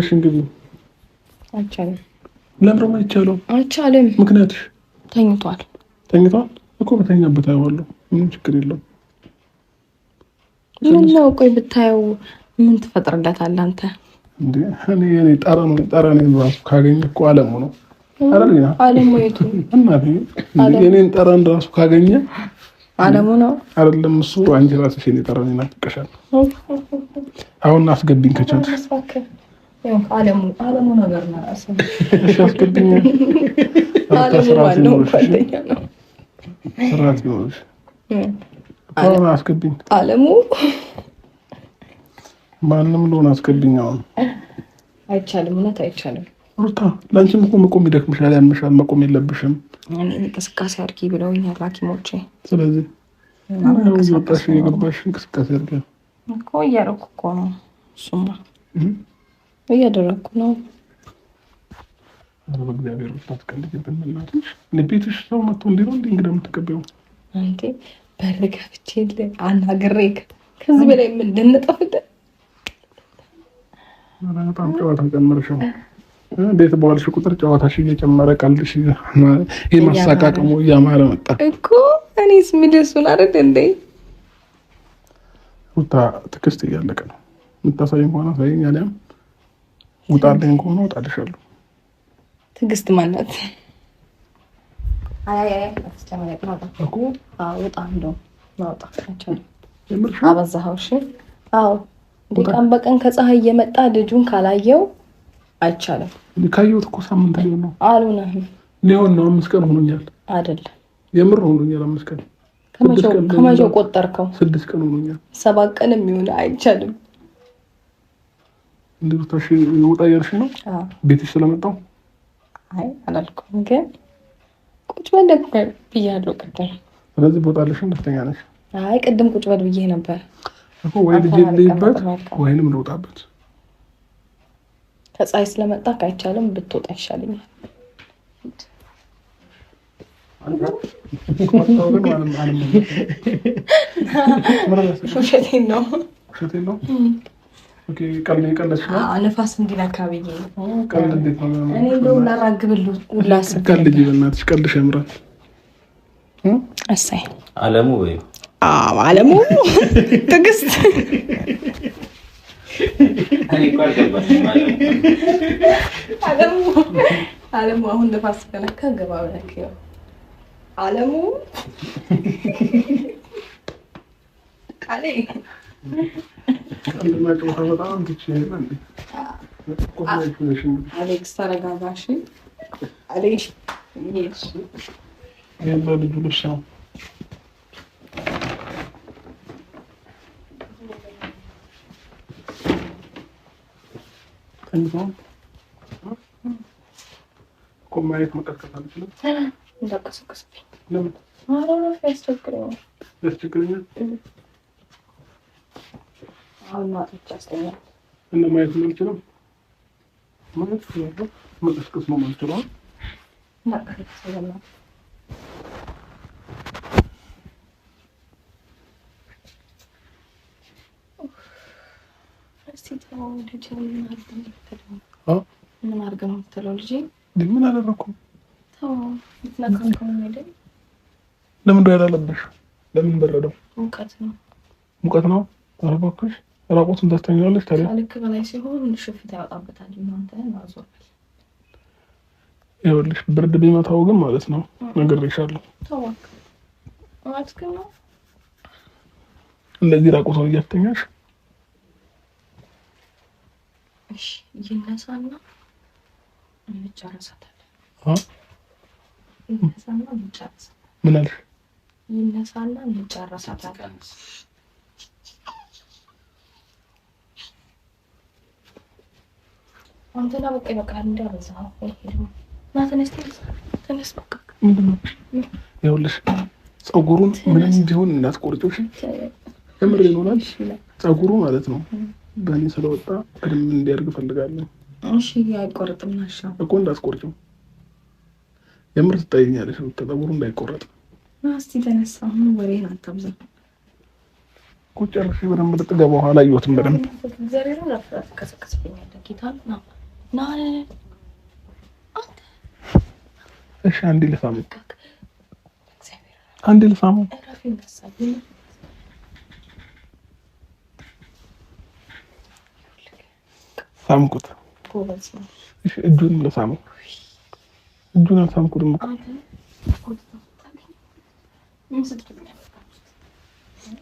እሺ ግቢ። አይቻልም። ለምሮ አይቻልም። አይቻልም። ምክንያት ተኝቷል። ተኝቷል እኮ በተኛበት አየዋለሁ። ምንም ችግር የለም። ምን ነው ቆይ ብታየው ምን ትፈጥርለታል አንተ? እንዴ ራሱ ካገኘ እኮ አለሙ ነው። አለሙ የቱ ጠረን ራሱ ካገኘ አለሙ ነው አይደለም? እሱ አንቺ ራስሽ የኔ ጠረኔ ናፍቀሻል። አሁን አስገቢኝ ከቻልሽ አለሙ ነገር አለሙ ማንም አስገብኝ። አሁን አይቻልም፣ እውነት አይቻልም። ሩታ ለአንቺም እኮ መቆም ይደክምሻል፣ መቆም የለብሽም። እንቅስቃሴ አድርጊ ብለውኛል ሐኪሞቼ። ስለዚህ ወጣሽ የገባሽ እንቅስቃሴ አድርጊ እኮ እያደረኩ እኮ ነው እሱማ እያደረግኩ ነው። እግዚአብሔር ብታስቀልጅብን ምናትሽ ቤትሽ ሰው መጥቶ እንዲ እንዲ እንግዳ የምትቀበዩ አንዴ በርጋ ብቼል አናግሬ ከዚህ በላይ ምን ልንጠፍደ በጣም ጨዋታ ጨምርሽ ነው። ቤት በዋልሽ ቁጥር ጨዋታሽ እየጨመረ ቀልሽ የማሳቃቅሙ እያማረ መጣ እኮ። እኔ ስሚደሱን አደለ እንዴ? ትዕግስት እያለቀ ነው። የምታሳይም ሆነ ሳይኝ አሊያም ውጣልኝ ከሆነ ውጣልሻለሁ። ትዕግስት ማለት አበዛኸው። አዎ፣ ቀን በቀን ከፀሐይ እየመጣ ልጁን ካላየው አይቻልም። ካየሁት እኮ ሳምንት ሊሆን ነው አሉና ሊሆን ነው። አምስት ቀን ሆኖኛል። አይደለም የምር ሆኖኛል። አምስት ቀን ከመቼው ቆጠርከው? ስድስት ቀን ሆኖኛል። ሰባት ቀን የሚሆን አይቻልም። እንደታሽ ውጣ እያልሽ ነው ቤትሽ ስለመጣው አይ አላልኩም፣ ግን ቁጭ በል ብያለሁ ቅድም። ስለዚህ ደስተኛ ነሽ? አይ ቅድም ቁጭ በል ብዬ ነበር እኮ ወይ ልጄ ልይበት ወይንም ልውጣበት። ከፀሐይ ስለመጣ ካይቻልም ብትወጣ ይሻለኛል። ውሸቴን ነው ውሸቴን ነው ነፋስ እንዲል አካባቢ ቀልድ እንዴት ነው? አለሙ አለሙ ትዕግስት አለሙ አሁን ነፋስ ከነካ ገባ ብለህ ያው አለሙ ቃሌ አሌክስ ተረጋጋሽ። አሌክስ ይሄን ልጁ ልብስ ነው። እኮ ማየት መቀስቀስ አልችልም። እንዳቀሰቀስብኝ ለምን? ኧረ ያስቸግረኛል ያስቸግረኛል አልማቶች ያስጠኛል እና ማየት ነው የምችለው ማለት ነው። መቀስቀስ ነው የማልችለው። ምን አድርገህ ነው የምትለው? ልጄ ምን አደረኩም? ለምን ዶ ያላለብሽ? ለምን በረደው? ሙቀት ነው ሙቀት ነው። እባክሽ ራቆት እንዳስተኛለች ታዲያ ልክ በላይ ሲሆን ሽፍታ ያወጣበታል። ይኸውልሽ ብርድ ቢመታው ግን ማለት ነው ነግሬሻለሁ። እንደዚህ ራቆቱን እያስተኛሽ ይነሳና እንጨርሳታለን። ምን አልሽ? ይነሳና እንጨርሳታለን አንተና በቃ በቃ እንዳበዛ ና ተነስ፣ ተነስ በቃ ይኸውልሽ፣ ፀጉሩን ምንም እንዲሆን እንዳትቆርጮሽ። የምር ይኖራል ፀጉሩ ማለት ነው። በእኔ ስለወጣ በደንብ እንዲያድግ እፈልጋለሁ። እሺ፣ አይቆረጥም እኮ እንዳትቆርጭው። የምር ትታየኛለሽ፣ ፀጉሩ እንዳይቆረጥ። እስኪ ተነሳ፣ ወሬህን አታብዛ። ቁጭ ጨርሼ በደንብ ልጥገባ በኋላ እየወትን በደንብ እሺ አንድ ልፋም አንድ ልፋም ሳምኩት። እሺ እጁንም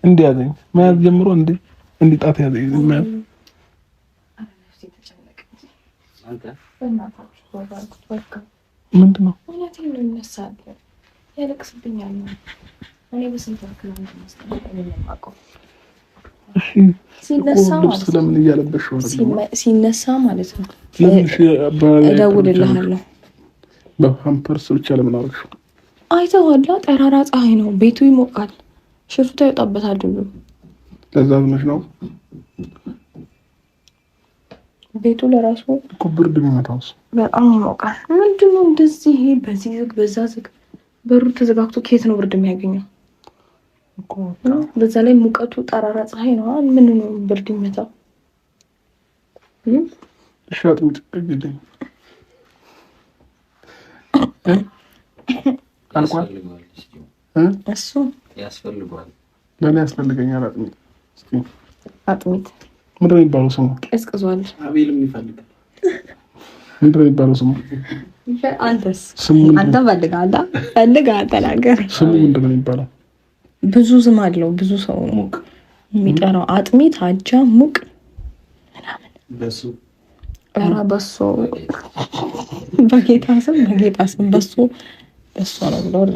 እጁን መያዝ ጀምሮ እንዲህ ጣት ያዘኝ መያዝ ምንድን ነው እውነቴን ነው ይነሳል፣ ያለቅስብኛል። እኔ በስንት ወክል የማውቀው ሲነሳ ማለት ነው። እደውልልሃለሁ። በፓምፐርስ ብቻ ለምን አደረግሽው? አይተዋላ ጠራራ ፀሐይ ነው፣ ቤቱ ይሞቃል፣ ሽፍታ ይወጣበታል ሁሉ። ለዛ ብለሽ ነው ቤቱ ለራሱ እኮ ብርድ ነው፣ በጣም ይሞቃል። ምንድነው እንደዚህ በዚህ ዝግ በዛ ዝግ፣ በሩ ተዘጋግቶ ከየት ነው ብርድ የሚያገኘው? በዛ ላይ ሙቀቱ ጠራራ ፀሐይ ነው። ምን ነው ብርድ ይመታው? እሱ ያስፈልገኛል አጥሚት አጥሚት ምንድን ነው የሚባለው ስሙ? ቀዝቅዟል። ምንድን ነው የሚባለው ስሙ? አንተስ አንተ ፈልጋለ ፈልግ ስሙ ምንድን ነው የሚባለው? ብዙ ስም አለው። ብዙ ሰው ነው የሚጠራው። አጥሚት፣ አጃ፣ ሙቅ ምናምን በሶ በጌታ ስም በጌታ ስም በሶ በሶ ነው ብለው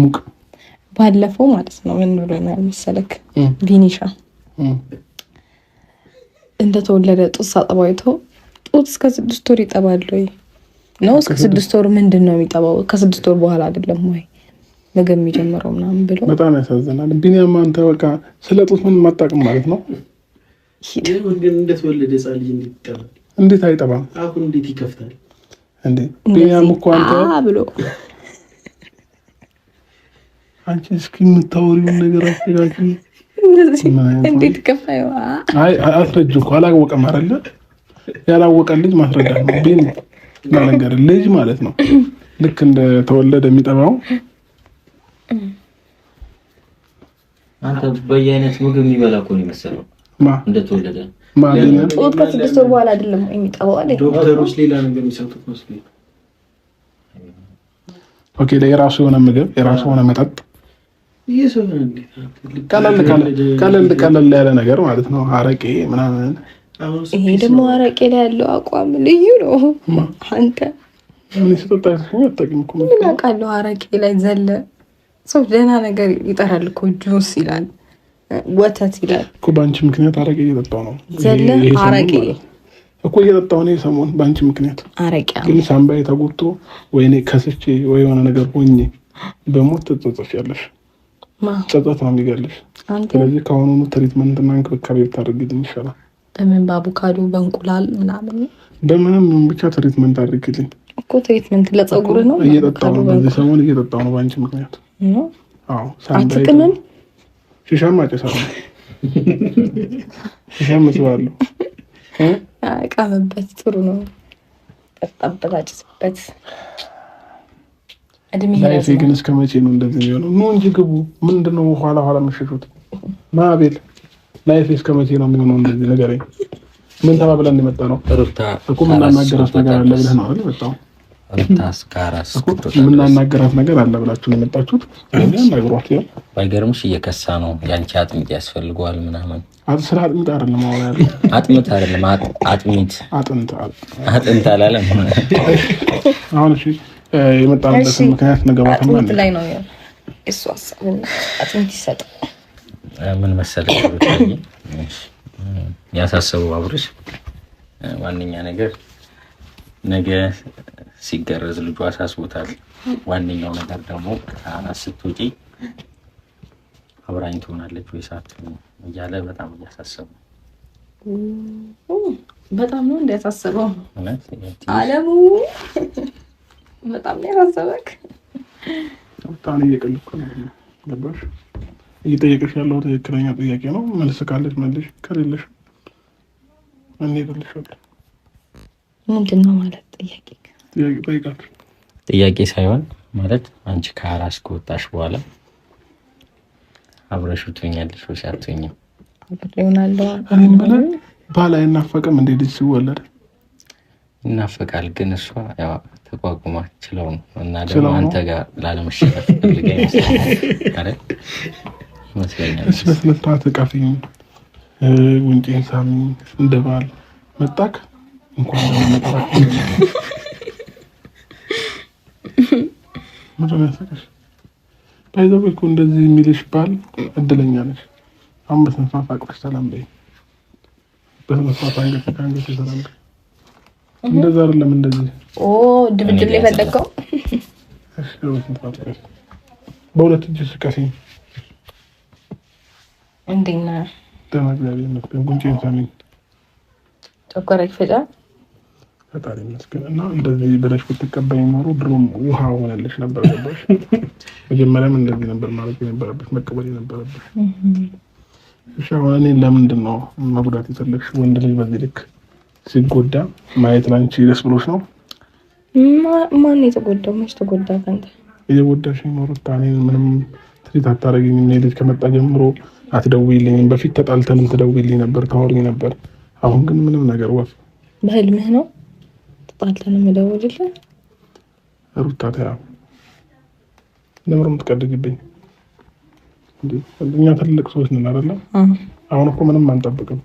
ሙቅ ባለፈው ማለት ነው ምን ብሎኛል መሰለክ ቢኒሻ እንደተወለደ ጡት ሳጠባ አይቶ ጡት እስከ ስድስት ወር ይጠባል ወይ ነው? እስከ ስድስት ወር ምንድን ነው የሚጠባው? ከስድስት ወር በኋላ አይደለም ወይ ምግብ የሚጀምረው ምናምን ብሎ በጣም ያሳዝናል። ቢኒያም አንተ በቃ ስለ ጡት ምን ማጣቅም ማለት ነው? እንደተወለደ ልጅ እንዴት አይጠባም? አሁን እንዴት ይከፍታል? እንዴ ቢኒያም እኮ አንተ ብሎ አንቺ እስኪ የምታወሪውን ነገር አስተካክል እንዴት ከፋዩ አስረጅ እኮ አላወቀም አይደለ? ያላወቀን ልጅ ማስረዳት ነው። ቤን ነገር ልጅ ማለት ነው። ልክ እንደ ተወለደ የሚጠባው አንተ በየአይነት ምግብ የሚበላ እኮ ነው የመሰለው እንደተወለደ ጡት ከስድስት ወር በኋላ አይደለም የሚጠባው ዶክተሮች ሌላ ነገር የሚሰጡት መስሎኝ። ኦኬ፣ የራሱ የሆነ ምግብ የራሱ የሆነ መጠጥ ቀለል ቀለል ያለ ነገር ማለት ነው። አረቄ ምናምን። ይሄ ደግሞ አረቄ ላይ ያለው አቋም ልዩ ነው። አንተ ምን አውቃለሁ፣ አረቄ ላይ ዘለ ሰው ደህና ነገር ይጠራል እኮ ጁስ ይላል፣ ወተት ይላል እኮ። በአንቺ ምክንያት አረቄ እየጠጣሁ ነው። ዘለ አረቄ እኮ እየጠጣሁ ነው ሰሞን፣ በአንቺ ምክንያት አረቄ። ግን ሳምባዬ ተጎድቶ ወይኔ ከስቼ ወይ የሆነ ነገር ሆኜ በሞት ትጸጸፊያለሽ። ጸጸት ነው የሚገልሽ። ስለዚህ ከአሁኑ ትሪትመንትና እንክብካቤ ብታደርግልኝ ይሻላል። በምን በአቮካዶ በእንቁላል ምናምን በምንም ብቻ ትሪትመንት አድርግልኝ እኮ ትሪትመንት ለጸጉር ነው። እየጠጣሁ ነው፣ በዚህ ሰሞን እየጠጣሁ ነው በአንቺ ምክንያት። አትቅምም? ሽሻም አጨሳለሁ፣ ሽሻም እጽባለሁ። ቀምበት፣ ጥሩ ነው። ጠጣበት፣ አጭስበት ላይፌ ግን እስከ መቼ ነው እንደዚህ የሚሆነው? ኑ እንጂ ግቡ። ምንድን ነው ኋላ ኋላ የምትሸሹት? ማቤል ላይፌ እስከ መቼ ነው የሚሆነው እንደዚህ? ንገረኝ። ምን ተባብለን የመጣ ነው እኮ የምናናገራት ነገር አለ ብለህ ነው የመጣው? የምናናገራት ነገር አለ ብላችሁ ነው የመጣችሁት? ናግሯት ይሆን ባይገርምሽ፣ እየከሳ ነው የአንቺ አጥሚት ያስፈልገዋል ምናምን። ስለ አጥሚት አይደለም አሁን ያለው አጥሚት አይደለም አጥሚት አጥንት አላለም አሁን እሺ የመጣንበት ምክንያት ነገባት ላይ ነው እሱ አጥንት ይሰጥ ምን መሰለ ያሳሰቡ አብርሽ ዋነኛ ነገር ነገ ሲገረዝ ልጁ አሳስቦታል። ዋነኛው ነገር ደግሞ ከአራስ ስትወጪ አብራኝ ትሆናለች ወይ ሰዓት እያለ በጣም እያሳሰቡ በጣም ነው እንዳያሳስበው አለሙ በጣም ነው ያሳዘበክ። በጣም እየቀለድኩ ነው። ገባሽ? እየጠየቀሽ ያለው ትክክለኛ ጥያቄ ነው። መልስ ካለሽ መልሽ፣ ከሌለሽ እንሄድልሻለን። ምንድን ነው ማለት ጥያቄ ጠይቃችሁ ጥያቄ ሳይሆን ማለት አንቺ ከአራስ ከወጣሽ በኋላ አብረሽ ትኛለሽ ወይስ አትሆኝም? ይሆናለ ባል አይናፈቅም እንዴ ልጅ ሲወለድ ይናፈቃል ግን እሷ ተቋቁማ ችለው ነው እና ደግሞ አንተ ጋር ላለመሸነፍ ፈልጋ ይመስለኛል። በስነስርዓት እቀፊኝ፣ ጉንጬን እንደ በዓል መጣክ እንኳን መጣ እኮ እንደዚህ የሚልሽ ባል እድለኛ ነሽ። አሁን በስነስርዓት አቅፈሽ ሰላም በይ። በስነስርዓት አንገት ከአንገት ሰላም በይ። እንደዛ አይደለም። እንደዚህ ኦ ድብድብ ላይ ፈለከው። በሁለት እጅ ስቀሴ እንዴና ደማግላቢ መስከን ጉንጭን ሳሚን ጨጓራክ ፈጫ ፈጣሪ መስከን እና እንደዚህ ብለሽ ብትቀበይ ኖሮ ድሮም ውሃ ሆነልሽ ነበር። ገባሽ? መጀመሪያም እንደዚህ ነበር ማለት የነበረብሽ መቀበል የነበረብሽ እሺ። አሁን እኔ ለምንድን ነው መጉዳት የፈለግሽ ወንድ ልጅ በዚህ ልክ ሲጎዳ ማየት ላንቺ ደስ ብሎሽ ነው? ማን የተጎዳው? መች ተጎዳ? ከንተ እየጎዳሽ ነው ሩታ። ምንም ትሪት አታደርጊኝም። ልጅ ከመጣ ጀምሮ አትደውይልኝም። በፊት ተጣልተንም ትደውይልኝ ነበር፣ ታወሪኝ ነበር። አሁን ግን ምንም ነገር ወፍ በህልምህ ነው ተጣልተንም እደውልልህ? ሩታ ተያ ለምሮ የምትቀድግብኝ እኛ ትልቅ ሰዎች ነን አይደለም? አሁን እኮ ምንም አንጠብቅም።